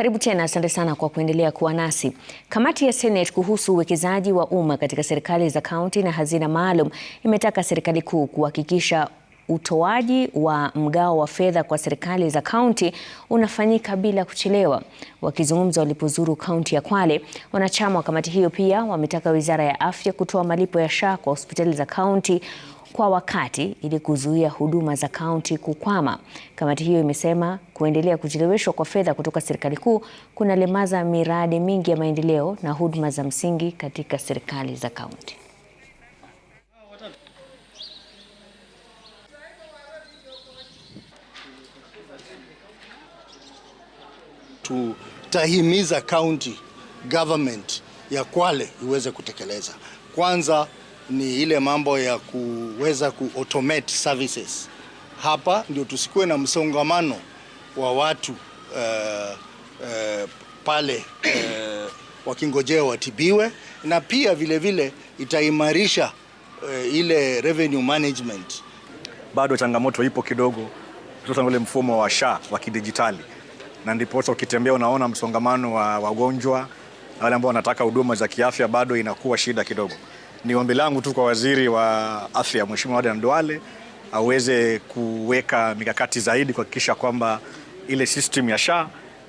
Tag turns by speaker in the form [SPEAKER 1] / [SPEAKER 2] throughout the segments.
[SPEAKER 1] Karibu tena, asante sana kwa kuendelea kuwa nasi. Kamati ya Seneti kuhusu uwekezaji wa umma katika serikali za kaunti na hazina maalum imetaka serikali kuu kuhakikisha utoaji wa mgao wa fedha kwa serikali za kaunti unafanyika bila kuchelewa. Wakizungumza walipozuru kaunti ya Kwale, wanachama wa kamati hiyo pia wametaka wizara ya afya kutoa malipo ya SHA kwa hospitali za kaunti, kwa wakati ili kuzuia huduma za kaunti kukwama. Kamati hiyo imesema kuendelea kucheleweshwa kwa fedha kutoka serikali kuu kunalemaza miradi mingi ya maendeleo na huduma za msingi katika serikali za kaunti.
[SPEAKER 2] Tutahimiza kaunti government ya Kwale iweze kutekeleza kwanza ni ile mambo ya kuweza automate services. Hapa ndio tusikuwe na msongamano wa watu uh, uh, pale uh, wakingojea watibiwe, na pia vilevile vile itaimarisha uh, ile revenue management.
[SPEAKER 3] Bado changamoto ipo kidogo hususan ule mfumo wa SHA wa kidijitali, na ndiposa ukitembea unaona msongamano wa wagonjwa wale ambao wanataka huduma za kiafya, bado inakuwa shida kidogo. Ni ombi langu tu kwa waziri wa afya Mheshimiwa Adan Duale aweze kuweka mikakati zaidi kuhakikisha kwamba ile system ya SHA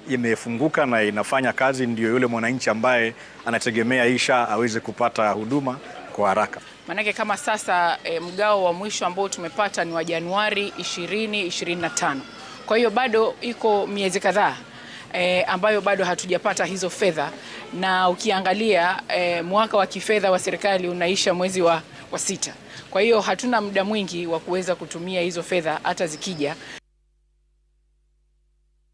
[SPEAKER 3] imefunguka na inafanya kazi, ndio yule mwananchi ambaye anategemea hii SHA aweze kupata huduma kwa haraka.
[SPEAKER 4] Maanake kama sasa e, mgao wa mwisho ambao tumepata ni wa Januari 2025. Kwa hiyo bado iko miezi kadhaa eh, ambayo bado hatujapata hizo fedha, na ukiangalia eh, mwaka wa kifedha wa serikali unaisha mwezi wa, wa sita. Kwa hiyo hatuna muda mwingi wa kuweza kutumia hizo fedha hata zikija.